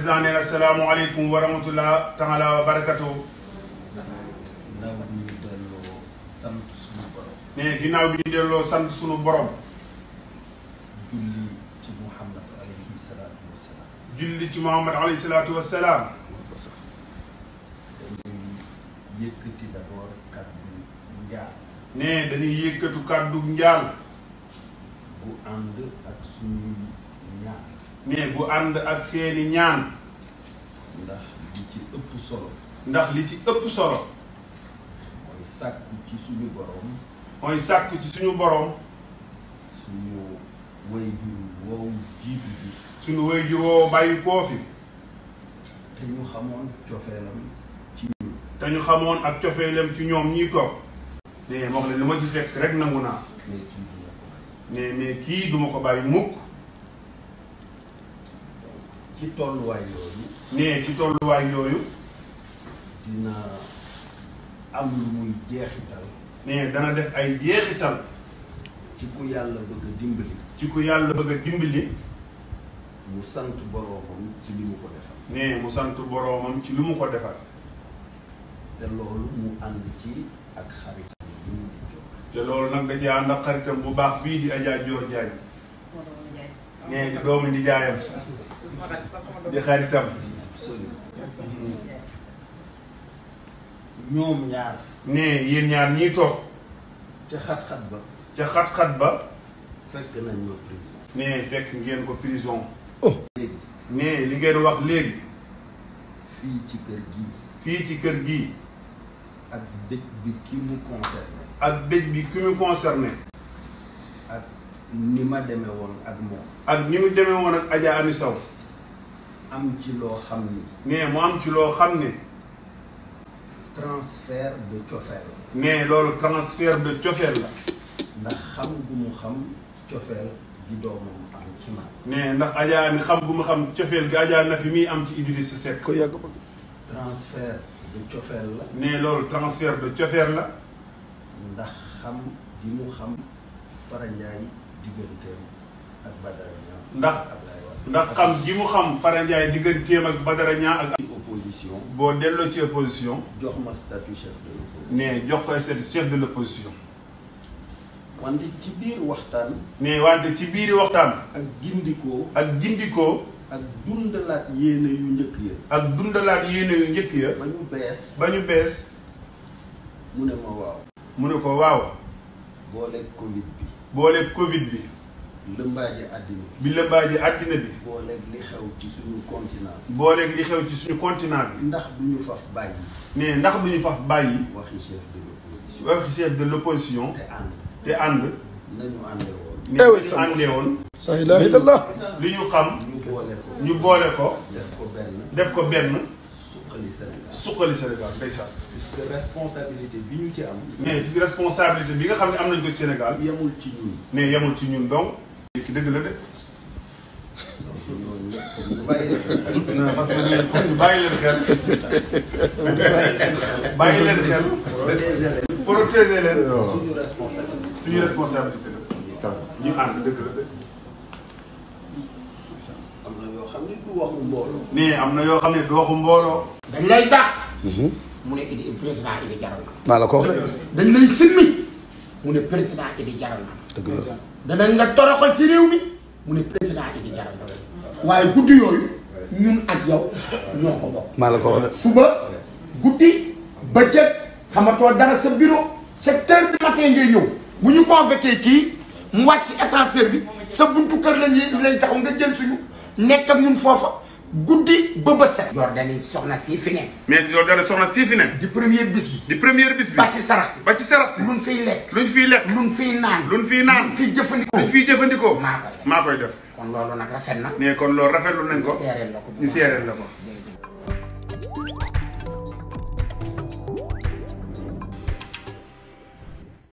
président nee na salaamaaleykum wa rahmatullah taala wa bi ñu delloo sant sunu borom. dañuy yëkkati d'abord kàddu njaal. ne dañuy yëkkatu kàddu njaal. bu ànd ak suñuy ñaan. ne bu ànd ak seeni ñaan. ndax li ci ëpp solo. ndax li ci ëpp solo. mooy sàkku ci suñu boroom. mooy sàkku ci suñu boroom. suñu wayjur woowu jiitu ji. suñu wayjur woowu bàyyi koo te ñu xamoon cofeelam ci ñun. te ñu xamoon ak cofeelam ci ñoom ñii toog. ne wax la lu ma ci fekk rek nangu naa. ne mais kii duma ko bàyyi mukk. ci tolluwaay yooyu. nee ci tolluwaay yooyu. dina am lu muy jeexital. nee dana def ay jeexital. ci ku yàlla bëgg a dimbali. ci ku yàlla bëgg a dimbali. mu sant boroomam ci li mu ko defal. nee mu sant boroomam ci li mu ko defal. te loolu mu ànd ci ak xaritam bii di jox. te loolu nag da cee ànd ak xaritam bu baax bii di Adja Dior Diagne. mais di doomu di jaayam di xaritam ñoom ñaar nee yéen ñaar ñiy toog ca xat-xat ba ca xat-xat ba fekk nañ ma prison fekk ngeen ko prison mais oh. li ngeen wax léegi fii ci kër gii fii ci kër gi ak dëj bi ki mu concerné ak dëj bi ki mu concerné ak ni ma demee woon ak moom. ak ni mu demee woon ak Adja Ami Sow. am ci loo xam ni. nee mu am ci loo xam ne. transfert de cofeel. nee loolu transfert de cofeel la. ndax xam gu mu xam cofeel gi doomam am ndax Adja xam gu mu xam cofeel gi Adja fi muy am ci Idrissa Seck. yàgg bëgg. transfert de loolu transfert de cofeel la. ndax xam gi mu digganteem ak Badara Niang ndax ndax xam ji mu xam Fara Ndiaye digganteem ak Badara Niang ak. opposition boo delloo ci opposition. jox ma statut chef de l'opposition. mais jox ko statut chef de l'opposition. wante ci biir waxtaan. mais wante ci biir waxtaan. ak gindikoo. ak gindikoo. ak dundalaat yéene yu njëkk ya. ak dundalaat yéene yu njëkk ya. ba ñu bees. ba ñu bees. mu ne ma waaw. mu ne ko waaw. booleeg Covid bi. booleeg Covid bi. lëmbaaji àddina bi. bi lëmbaaji àddina bi. booleeg li xew ci suñu continent bi. booleeg li xew ci suñu continent bi. ndax du ñu faf bàyyi. mais ndax du ñu faf bàyyi. waxi chef de l'opposition. waxi chef de l'opposition. te ànd te ànd. nañu àndee woon. eh oui sàmm àndee woon. la ilaha illallah. li ñu xam. ñu boole ko ñu boole ko. def ko benn def ko benn. suqali Sénégal suqali Sénégal ndeysaan. puisque responsabilité bi ñu ci am. mais gis responsabilité bi nga xam ne am na ko Sénégal. yemul ci mais yemul ci ñun donc. ki dëgg la de. parce que ñu bàyyi leen xel bàyyi leen xel. protéger leen. suñu responsabilité responsabilité la. ñu ànd dëgg la de. du waxu mbooloo. nee am na yoo xam ne du waxu mbooloo. dañ lay dàq. Mhm. mu ne Idi président Idi jaral na. maa la ko de. dañ lay simmi mu ne président Idi jaral na. dëgg la ci réew mi mu ne waaye guddi yooyu ñun yow ñoo ko bokk. maa la ko wax de. suba guddi bëccëg xamatoo dara sa bureau sept heures bi matin ngay ñëw bu ñu convoqué kii mu wàcc si ascenseur bi sa buntu kër lañ lañ taxaw nga jël suñu. nekk ak ñun foofa guddi ba bët set. Jordani soxna sii fi ne. mais Jordani soxna sii fi ne. di première bis bi. di première bis bi. ba ci sarax si. ba ci sarax si. luñ fiy lekk. luñ fiy lekk. luñ fiy naan. luñ fiy naan. luñ fiy jëfandikoo. luñ fiy jëfandikoo. maa koy def def. kon loolu nag rafet na. mais kon loolu rafetlu nañ ko. ñu ko ñu seereel la ko.